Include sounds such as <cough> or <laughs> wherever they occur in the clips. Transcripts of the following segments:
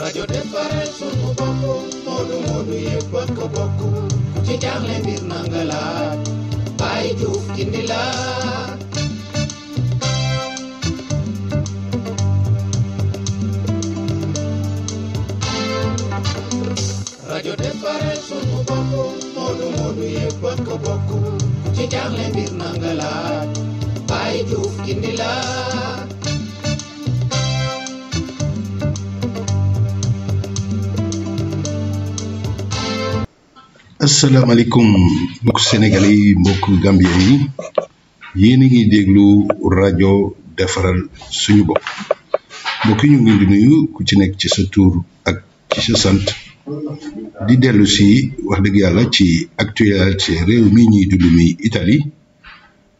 Radio defaral sunu bopp Modou Modou yëpp bokk bokk ku ci jaaxle mbir nanga laaj Baye Diouf gindi la rajo defaral sunu bopp Modou Modou yëpp bokk bokk ku ci jaaxle mbir la asalaamaaleykum mbokk Sénégalais yi mbokk Gambien yi yéen a ngi déglu rajo defaral suñu bopp mbokk ñu ngi di nuyu ku ci nekk ci sa tur ak ci sa sant di dellu si wax dëgg yàlla ci ci réew mi ñuy dund mi Italie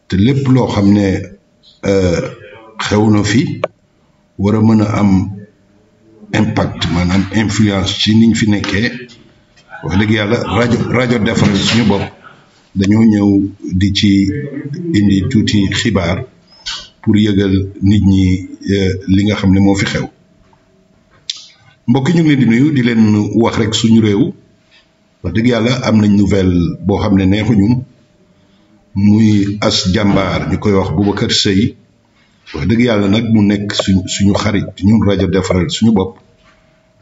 te lépp loo xam ne euh, xew na fi war a mën a am impact maanaam influence ci niñ fi nekkee. wax dëgg yàlla rajo rajo defaral suñu bopp dañoo ñëw di ci indi tuuti xibaar pour yëgal nit ñi euh, li nga xam ne moo fi xew mbokk ñu ngi leen di nuyu di leen wax rek suñu réew wax dëgg yàlla am nañ nouvelle boo xam ne neexuñu muy as jàmbaar ñu koy wax kër Sèye wax dëgg yàlla nag mu nekk suñ suñu xarit ñun rajo defaral suñu bopp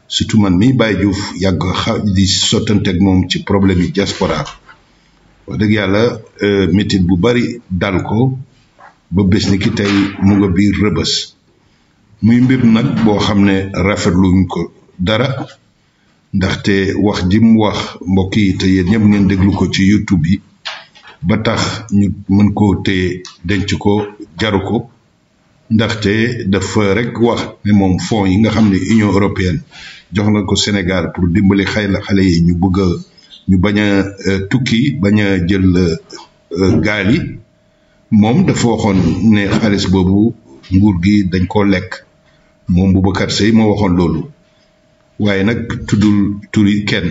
surtout man mii Baye Diouf yàgg xa di sottanteeg moom ci problème yi diaspora wax dëgg yàlla euh, métit bu bari dal ko ba bés ni ki tey mu nga biir rëbës muy mbir nag boo xam ne rafetluñ ko dara ndaxte wax ji mu wax mbokk yi te yéen ñëpp ngeen déglu ko ci YouTube yi ba tax ñu mën koo téye denc ko jaru ko ndaxte dafa rek wax ne moom fonds yi nga xam ne Union européenne jox na ko Sénégal pour dimbali xay na xale yi ñu bëgg ñu bañ a euh, tukki bañ a jël euh, euh, gaal moom dafa waxoon ne xaalis boobu nguur gi dañ koo lekk moom Boubacar Sèye moo waxoon loolu waaye nag tuddul turi kenn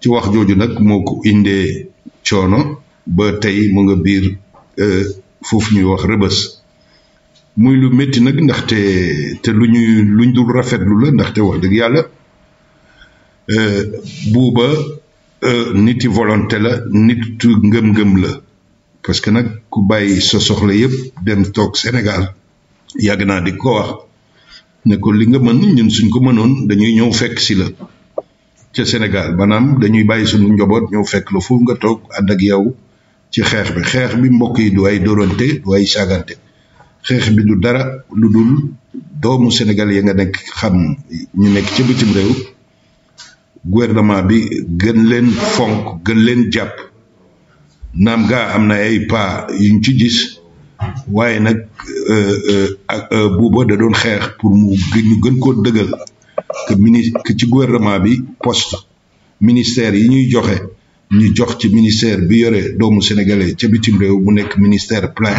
ci wax jooju nag moo ko indee coono ba tey mu nga biir foofu ñuy wax rëbës muy lu metti nag ndaxte te lu ñuy luñ dul rafetlu la ndaxte wax dëgg yàlla euh, buuba euh, nit yi volonté la nit ngëm-ngëm la parce que nag ku bàyyi sa soxla yëpp dem toog Sénégal yàgg naa di ko wax ne ko li nga mën ñun suñ ko mënoon dañuy ñëw fekk si la ca Sénégal maanaam dañuy bàyyi suñu njaboot ñëw fekk la foofu nga toog ànd ak yow ci xeex bi xeex bi mbokk yi du ay dóorante du ay saagante xex bi du dara ludul doomu senegal ya nga nek xam ñu nek ci bitim rew gouvernement bi gën leen fonk gën leen japp nam ga amna ay pa yu ci gis waye nak euh euh bu euh, bo da doon xex pour mu ñu gën ko deugal ke ministre ci gouvernement bi poste ministère yi ñuy joxe ñu jox ci ministère bi yoré doomu sénégalais ci bitim rew mu nek ministère plein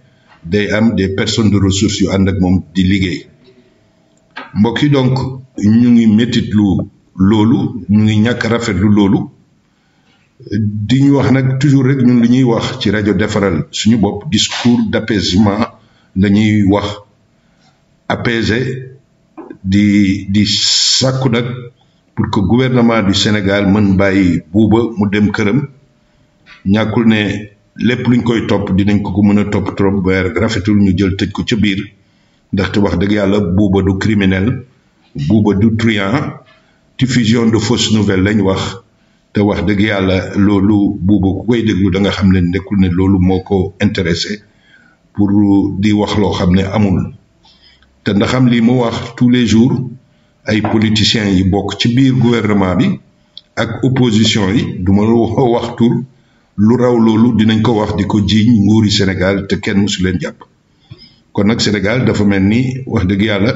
day am des personnes de ressources yu ànd ak moom di liggéey mbokk yi donc ñu ngi lu loolu ñu ngi ñàkk rafetlu loolu di ñu wax nag toujours rek ñu li ñuy wax ci rajo defaral suñu bopp discours d'apaisement la wax apaiser di di sàkku nag pour que gouvernement du Sénégal mën bàyyi buuba mu dem këram ñàkkul ne lépp luñ koy topp dinañ ko ko mën a topp trop ba rafetul ñu jël tëj ko ca biir ndaxte wax dëgg yàlla buuba du criminel buuba du truand diffusion de fausse nouvelle lañ wax te wax dëgg yàlla loolu buuba ku koy déglu da nga xam ne nekkul ne loolu moo ko intéressé pour di wax loo xam ne amul te ndaxam lii mu wax tous les jours ay politiciens yi bokk ci biir gouvernement bi ak opposition yi duma ma wax tur lu raw loolu dinañ ko wax di ko jiiñ nguuri Sénégal te kenn musu leen jàpp kon nag Sénégal dafa mel ni wax dëgg yàlla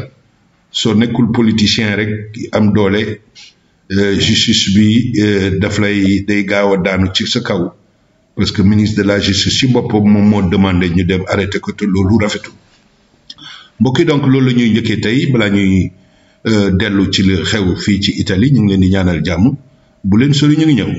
soo nekkul politicien rek am doole euh, justice bi euh, daf lay day gaaw a daanu ci sa kaw parce que ministre de la justice ci bopp moom moo demandé ñu dem arrêté ko te loolu rafetu mbokk yi donc loolu la ñuy njëkkee tey balaa ñuy euh, dellu ci li xew fii ci Italie ñu ngi leen di ñaanal jàmm bu leen sori ñu ngi ñëw.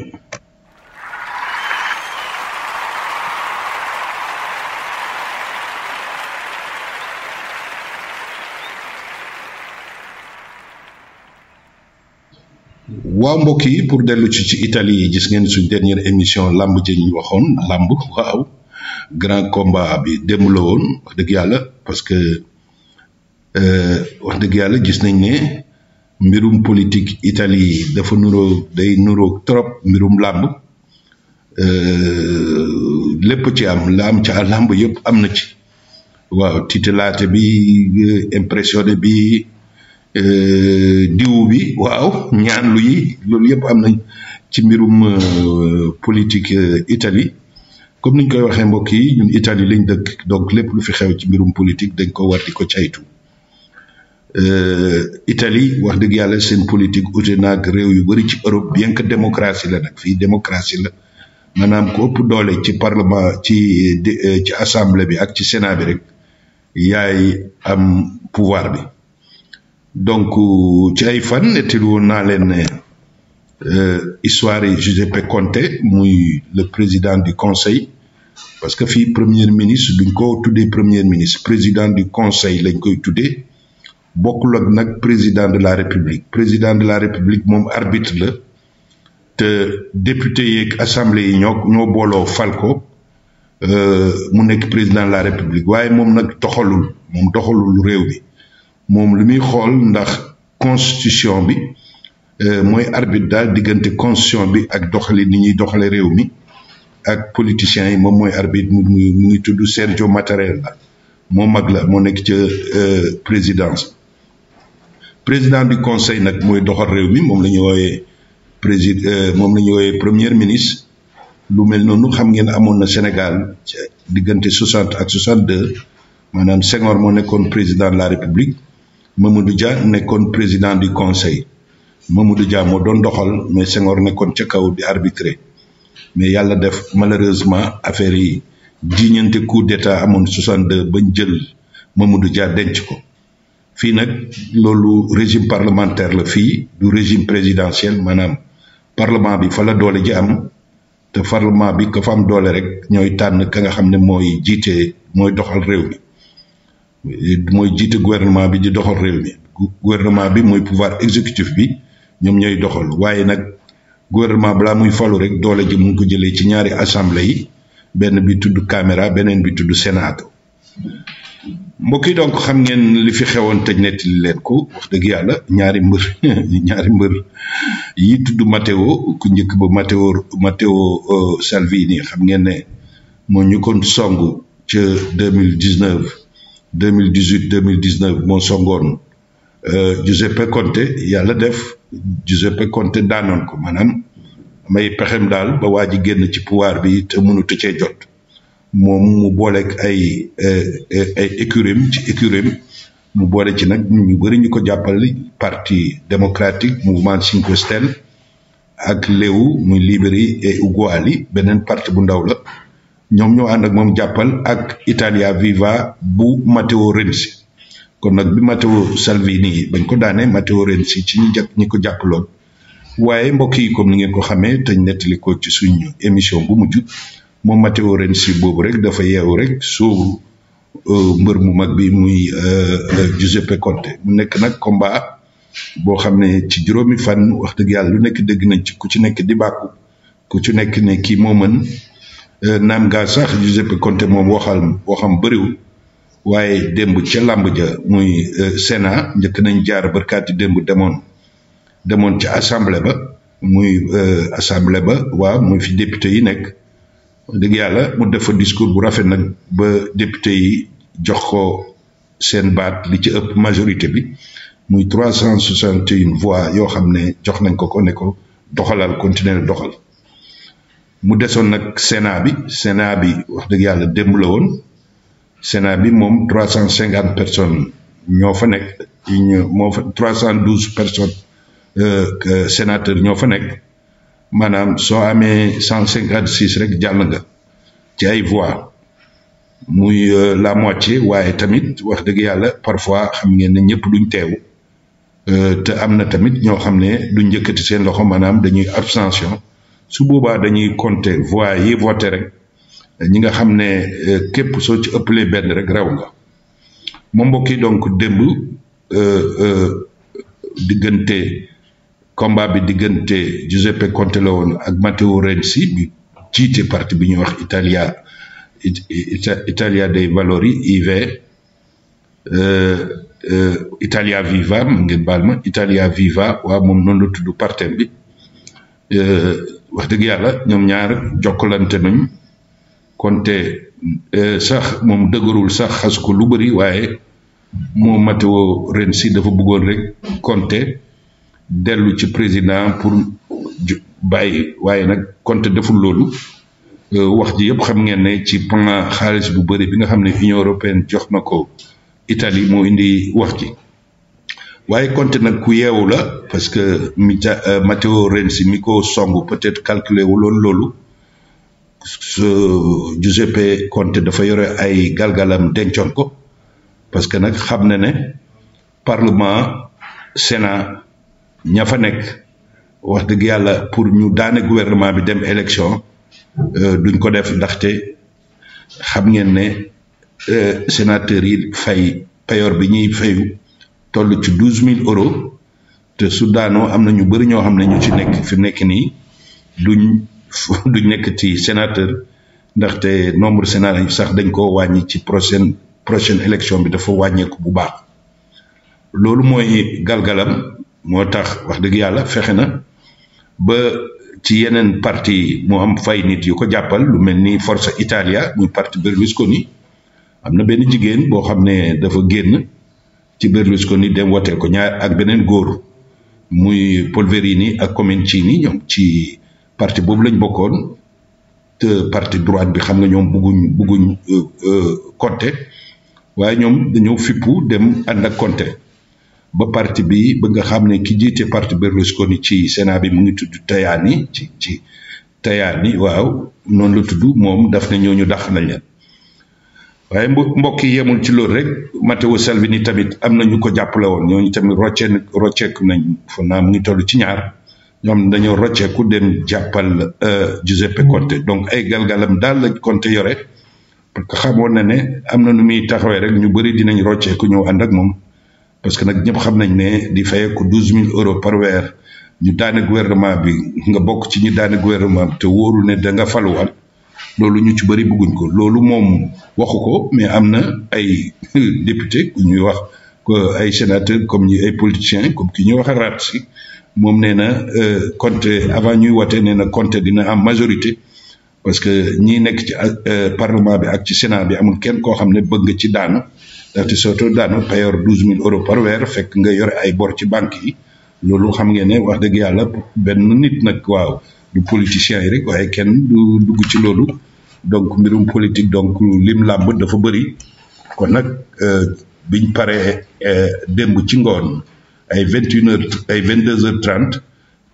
waaw mbokk yi pour dellu ci ci Italie yi gis ngeen su dernière émission làmb ji waxoon làmb waaw grand combat bi démb la woon wax dëgg yàlla parce que euh, wax dëgg yàlla gis nañ ne mbirum politique Italie dafa nuróo day nuróo trop mbirum làmb euh, lépp ci am la am ca làmb yëpp am na ci waaw titulaate bi impressionné bi diw bi waaw ñaan lu yi loolu yëpp am nañ ci mbirum euh, politique euh, Italie comme niñ koy waxee mbokk yi ñun Italie lañ dëkk donc lépp lu fi xew ci mbirum politique dañ ko war di ko caytu euh, itali wax dëgg yàlla seen politique ute naag réew yu bëri ci Europe bien que démocratie la nag fii démocratie la maanaam ko ëpp doole ci parlement ci ci assemblée bi ak ci sénat bi rek yaay am pouvoir bi donc euh, ci ay fan nettali woon na len euh histoire Giuseppe Conte muy le président du conseil parce que fi premier ministre duñ ko tuddee premier ministre président du conseil lañ koy tuddee bokkul ak nag président de la république président de la république mom arbitre le te député yeeg assemblée ño ño bolo falco euh mu président de la république waye mom nak doxalul mom doxalul rew bi mom lu muy xool ndax constitution bi euh, mooy arbitre daal diggante constitution bi ak doxali ni ñuy doxale réew mi ak politiciens yi moom mooy arbitre mu mu ngi tudd Sergio Mattarella moo mag la moo nekk ca euh, présidence président du conseil nag mooy doxal réew mi moom la ñu wooyee président euh, moom la ñu wooyee premier ministre lu mel noonu xam ngeen amoon na Sénégal diggante soixante ak soixante deux maanaam Senghor moo nekkoon président de la République Mamadou Dia nekkoon président di conseil Mamadou Dia moo doon doxal mais Senghor nekkoon ca kaw di arbitré mais yàlla def malheureusement affaire yi jiiñante coup d'état amoon 62 bañ jël Mamadou Dia denc ko fii nag loolu régime parlementaire la fii du régime présidentiel maanaam parlement bi fa la doole ji am te parlement bi ko fa am doole rek ñooy tànn ka nga xam ne mooy jiite mooy doxal réew mi mooy jiite gouvernement bi di doxal réew mi gouvernement bi mooy pouvoir exécutif bi ñoom ñooy doxal waaye nag gouvernement balaa muy falu rek doole ji mu ngi ko jëlee ci ñaari assemblée yi benn bi tudd caméra beneen bi tudd sénat mbokk yi donc xam ngeen li fi xewoon te nettali leen ko dëgg yàlla ñaari mbër <laughs> mbër yi tudd Matteo ku njëkk ba Matteo Matteo euh, Salvini xam ngeen ne moo ñu kon song ca deux mille dix 2018 2019 moo euh, Giuseppe Conte yàlla def Giuseppe Conte daanoon ko maanaam may pexem dal ba waji ji ci pouvoir bi te mënut a jot mom mu ak ay euh, euh, ay écurim ci écurim mu bolé ci nak ñu bari ñuko jappal parti démocratique mouvement Cinque stèles ak Leu muy Liberi et ugoali benen parti bu ndaw la. ñoom ñoo ànd ak moom jàppal ak Italia Viva bu Matteo Renzi kon nag bi Matteo Salvini bañ ko daanee Matteo Renzi ci ñi jàpp ñi ko jàppaloon waaye mbokk yi comme li ngeen ko xamee te nettali ko ci suñu émission bu mujj moom Matteo Renzi boobu rek dafa yeewu rek soobu euh, mbër mu mag bi muy euh, euh, Giuseppe Conte mu nekk nag combat boo xam ne ci juróomi fan wax dëgg yàlla lu nekk dégg nañ ci ku ci nekk di bàkku ku ci nekk ne kii moo mën Euh, naam gaa sax Giuseppe Conte moom waxal waxam bëriwul waaye démb ca làmb ja muy euh, Sénat njëkk nañ jaar barkaati démb demoon demoon ca assemblée ba muy euh, assemblée ba waa muy fi député yi nekk dëgg yàlla mu def fa discours bu rafet nag ba député yi jox ko seen baat li ci ëpp majorité bi muy trois cent soixante et une voix yoo xam ne jox nañ ko ko ne ko doxalal continuer doxal mu desoon nag Sénat bi Sénat bi wax dëgg yàlla démb la woon Sénat bi moom trois cent cinquante personnes ñoo fa nekk ñu moo fa trois cent douze personnes euh, sénateurs ñoo fa nekk maanaam soo amee cent cinquante six rek jàll ci ay voix muy euh, la moitié waaye tamit wax dëgg yàlla parfois xam ngeen ne ñëpp duñ teew euh, te am na tamit ñoo xam ne duñ njëkkati seen loxo maanaam dañuy abstention su boobaa dañuy compter voix yi voté rek ñi nga xam ne euh, képp soo ci ëppalee benn rek raw nga moom mbokk donc démb euh, euh, diggante combat bi diggante Giuseppe Conte la woon ak Matteo Renzi bi jiite parti bi ñuy wax Italia Italia dei Valori IV Italia Viva ngeen baal ma Italia Viva waaw moom noonu la tudd partem bi. wax dëgg yàlla ñoom ñaar jokkalante nañ konte euh, sax moom dëgërul sax xas ko lu bari waaye moo Matteo Renzi dafa buggoon rek konte dellu ci président pour bàyyi waaye nag konte deful loolu euh, wax ji yëpp xam ngeen ne ci plan xaalis bu bëri bi nga xam ne Union européenne jox na ko Italie moo indi wax ji waaye Conte nag ku yeewu la parce que euh, Matteo Renzi mi ko song peut-être calculé wu loolu loolu Giuseppe Conte dafa yore ay galgalam dencoon ko parce que nag xam na ne parlement Sénat ña fa nekk wax dëgg yàlla pour ñu daane gouvernement bi dem élection euh, duñ ko def ndaxte xam ngeen ne euh, sénateur yi fay payor bi ñuy fayu toll ci douze mille euro te su daanoo am na ñu bari ñoo xam ne ñu ci nekk fi nekk nii duñ <laughs> duñ nekk ci sénateur ndaxte nombre sénateur sax dañ koo wàññi ci prochaine prochaine élection bi dafa wàññeeku bu baax loolu mooy galgalam moo tax wax dëgg yàlla fexe na ba ci yeneen parti mu am fay nit yu ko jàppal lu mel ni Forza Italia muy parti ko Berlusconi am na benn jigéen boo xam ne dafa génn ci Berlusconi dem woteel ko ñaar ak beneen góor muy Polverini ak ci Comencini ñoom ci parti boobu lañ bokkoon te parti droite bi xam nga ñoom bugguñ bugguñ euh, euh, Conte waaye ñoom dañoo fippu dem ànd ak Conte ba parti bi ba nga xam ne ki jiite parti Berlusconi ci Sénat bi mu ngi tudd Tajani ci ci Tajani waaw noonu la tudd moom daf ne ñooñu dax nañ leen waaye mbokk yi yemul ci loolu rek Matteo Salvini tamit am na ñu ko jàppale woon ñoo ñooñu tamit rocce rocceeku nañ fa naa mu ngi toll ci ñaar ñoom dañoo rocceeku dem jàppal euh, Giuseppe Conte donc ay galgalam daal la Conte yore parce que xamoon na ne am na nu muy taxawee rek ñu bëri dinañ rocceeku ñëw ànd ak moom parce que nag ñëpp xam nañ ne di fayeeku douze mille euros par weer ñu daane gouvernement bi nga bokk ci ñu daane gouvernement bi te wóorul ne da nga faluwaat loolu ñu ci bëri bëgguñ ko loolu moom waxu ko mais am na ay <laughs> député ku ñuy wax ay sénateur comme ñi ay politiciens comme ki ñuy wax raat si moom nee na euh, Conté avant ñuy wote nee na Conté dina am majorité parce que ñi nekk ci ak euh, parlement bi ak ci sénat bi amul kenn koo xam ne bëgg nga ci daanu ndaxte surtout daanu payor douze mille euros par weer fekk nga yore ay bor ci banque yi loolu xam ngeen ne wax dëgg yàlla benn nit nag waaw du politicien yi rek waaye kenn du ci loolu donc mbirum politique donc lim lamb dafa bari kon nak euh, biñ paré euh, demb ci ngone ay 21h ay 22h30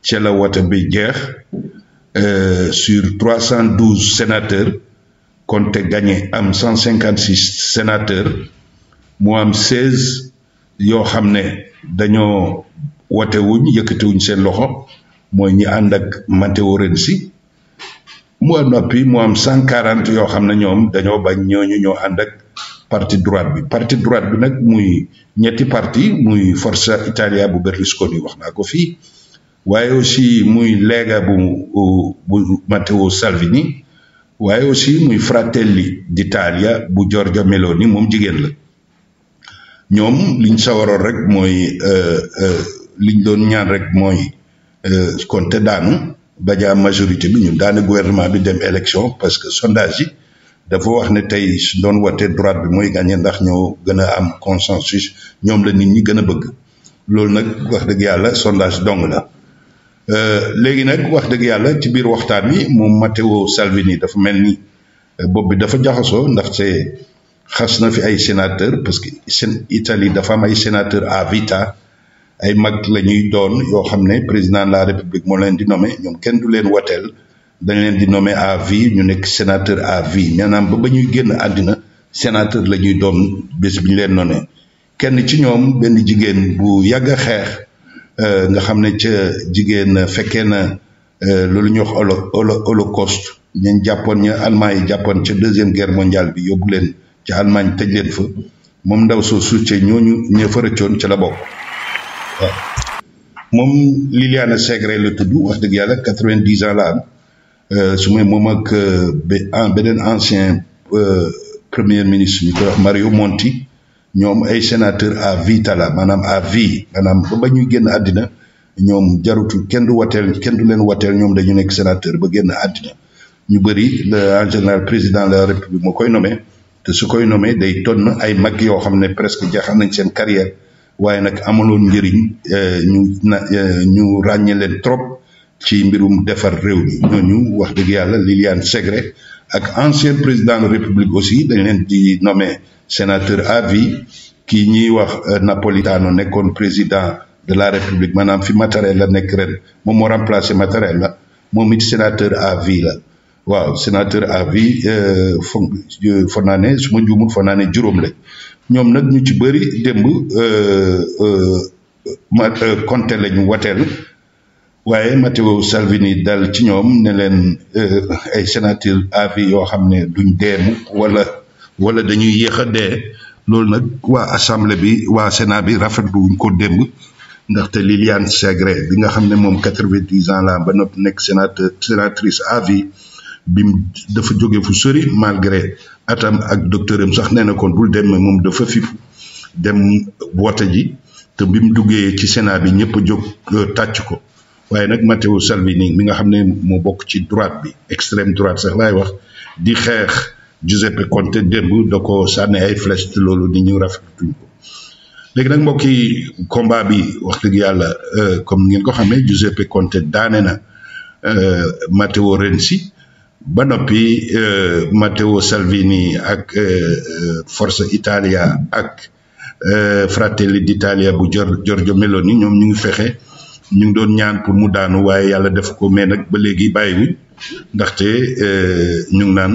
ci la wote bi jeex euh, sur 312 sénateurs compte gagné am 156 sénateurs mo am 16 yo xamné dañoo wote wuñ yëkëti wuñ seen loxo moy ñi and ak Mathéo Rensi mu noppi mu am 140 yoo xam ne ñoom dañoo bañ ñooñu ñoo ànd ak parti droite bi parti droite bi nag muy ñetti parti muy forza italia bu berlusconi wax naa ko fii waaye aussi muy lega bu bu matteo salvini waaye aussi muy fratelli d'italia bu giorgia meloni moom jigéen la ñoom liñ sawaroon rek mooy euh, euh, liñ doon ñaan rek mooy euh, conte daanu Badia majorité bi ñun daane gouvernement bi dem élection parce que sondage yi dafa wax ne tey su doon wote droite bi mooy gagné ndax ñoo gën a am consensus ñoom la nit ñi gën a bëgg loolu nag wax dëgg yàlla sondage dong la euh, léegi nag wax dëgg yàlla ci biir waxtaan wi moom Matteo Salvini dafa mel ni euh, bopp bi dafa jaxasoo ndaxte xas na fi ay sénateur parce que seen Italie dafa am ay sénateur à vita ay mag la ñuy doon yoo xam ne président la république moo leen di noome ñoom kenn du leen wateel dañ leen di nommé à vie ñu nekk sénateur à vie maanaam ba ba ñuy génn àddina sénateur la ñuy doon bés bi ñu leen nommé kenn ci ñoom benn jigéen bu yàgg a xeex euh, nga xam ne ca jigéen fekkee na euh, loolu ñuy wax holo holocauste ñeen jàppoon ña Allemagne yi jàppoon ca deuxième guerre mondiale bi yóbbu leen ca Allemagne tëj leen fa moom ndaw soo suuf ca ñooñu ña fa rëccoon ca la bokk. waaw moom Liliana Segré la tudd wax dëgg yàlla quatre-vingt-dix ans la am euh, su may moom ak euh, beneen ancien euh, premier ministre ñu koy Mario Monti ñoom ay sénateur à vie tala maanaam a vie maanaam ba ba ñuy génn àddina ñoom jarutul kenn du wateel kenn du leen wateel ñoom dañu nekk sénateur ba génn àddina ñu bëri le en général président de la république moo koy nommé te su koy nommé day tonn ay mag yoo xam ne presque jaaxal nañ seen carrière waaye nag amaloon njëriñ eh, ñu na eh, ñu ràññee leen trop ci mbirum defar réew mi ñooñu wax dëgg yàlla Liliane Segré ak ancien président de république aussi dañ leen di nommé sénateur à vie kii ñuy wax eh, Napolitano nekkoon président de la république maanaam fi matériel Mattarella nekk ren moom moo remplacé Mattarella moom it sénateur à vie la waaw sénateur à vie foog foog naa ne su ma juumul foog naa ne juróom la ñoom nag ñu ci bëri démb euh, euh, ma euh, Conte la ñu wateel waaye Matteo Salvini dal ci ñoom ne leen ay sénateur avis yoo xam ne duñ deemu wala wala dañuy yéex a dee loolu nag waa assemblée bi waa sénat bi rafetlu wuñ ko démb ndaxte Liliane Segré bi nga xam ne moom quatre-vingt-dix ans la ba noppi nekk sénateur sénatrice avis bim dafa jóge fu sori malgré atam ak docteur sax néna kon bul dem mom dafa fipp dem wota ji te bim duggé ci Sénat bi ñepp jog jóg euh, ko waaye nak Matteo Salvini mi nga xamné mo bok ci droite bi extrême droite sax lay wax di xex Giuseppe Conte démb da ko sànni ay flèche te loolu nit ñi rafetluñ nak léegi mbokk combat bi wax dëgg yàlla euh, comme ngeen ko xamé Giuseppe Conte daane euh Matteo Renzi ba noppi euh, Matteo Salvini ak euh, euh, Forza Italia ak Fratelli d'Italia bu Giorgio Meloni ñoom ñu ngi fexe ñu ngi doon ñaan pour mu daanu waaye yàlla def ko mais nag ba léegi bàyyiwut ndaxte ñu ngi naan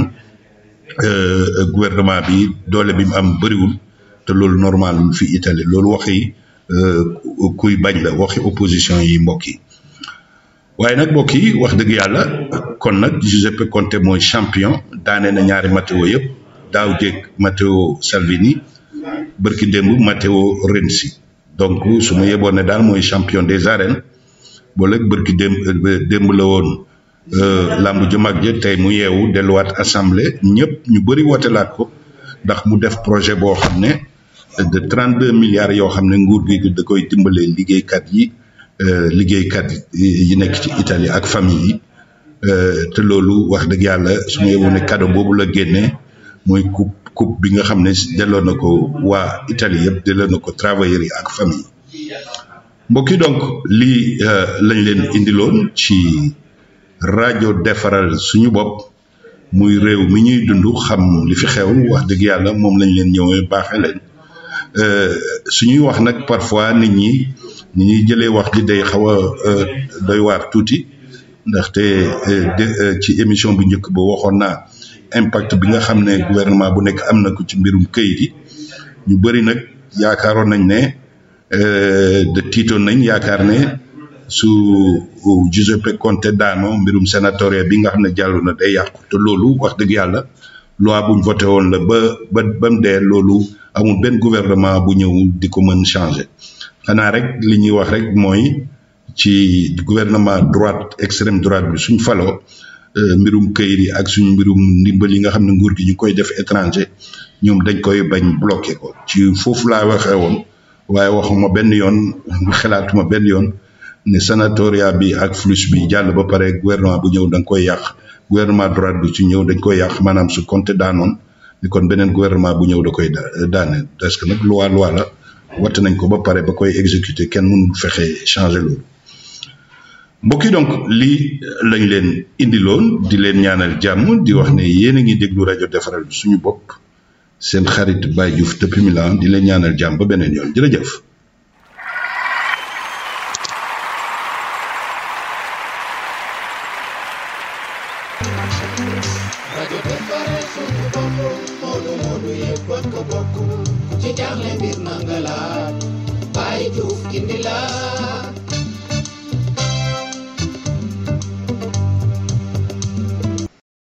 gouvernement bi doole bi mu am bëriwul te loolu normalul fi Italie loolu waxi kuy bañ la waxi opposition yi mbokk yi. waaye nag mbokk yi wax dëgg yàlla kon nag Giuseppe Conte mooy champion daane na ñaari Matteo yëpp daaw jéeg Matteo Salvini barki démb Matteo Renzi donc su ma yeboon ne daal mooy champion des arènes booleeg barki démb démb la woon euh, làmb ju mag ja tey mu yeewu delluwaat assemblée ñëpp ñu bëri wotelaat ko ndax mu def projet boo xam ne de 32 milliards yoo xam ne nguur gi da koy dimbalee liggéeykat yi Euh, liggéeykat yi nekk ci Italie ak famille yi euh, te loolu wax dëgg yàlla su ma yeboo ne cadeau boobu la génne mooy coupe coupe bi nga xam ne delloo na ko waa Italie yëpp delloo na ko travailleurs yi ak famille mbokk yi donc lii euh, lañ leen indiloon ci rajo defaral suñu bopp muy réew mi ñuy dund xam li fi xew wax dëgg yàlla moom lañ leen ñëwee baaxee suñuy wax nag parfois nit ñi. ni ñuy jëlee wax ji day xaw a euh, doy waar tuuti ndaxte euh, euh, ci émission bu njëkk ba waxoon naa impact bi nga xam ne gouvernement bu nekk am na ko ci mbirum këyit yi ñu bëri nag yaakaaroon nañ ne de tiitoon nañ yaakaar ne su Giuseppe Conte daano mbirum sénatoria bi nga xam ne jàll na day yàqu te loolu wax dëgg yàlla loi buñ voté woon la ba ba ba mu dee loolu amul benn gouvernement bu ñëw di ko mën changer xanaa rek li ñuy wax rek mooy ci gouvernement droite extrême droite bi suñ faloo euh, mbirum këyit yi ak suñ mbirum ndimbal yi nga xam ne nguur gi ñu koy def étranger ñoom dañ koy bañ bloqué ko ci foofu laa waxee woon waaye waxuma benn yoon <laughs> xalaatuma benn yoon ne sanatoria bi ak flux bi jàll ba pare gouvernement bu ñëw da koy yàq gouvernement droite bi su ñëw dañ koy yàq maanaam su compté daanoon ni kon beneen gouvernement bu ñëw da koy daane parce que nag loi loi la watt nañ ko ba pare ba koy exécuter kenn mënul fexe changer loolu mbokk yi donc li lañ leen indiloon di leen ñaanal jàmm di wax ne yéen a ngi déglu rajo defaral suñu bopp seen xarit Baye Diouf depuis Milan di leen ñaanal jàmm ba beneen yoon jërëjëf.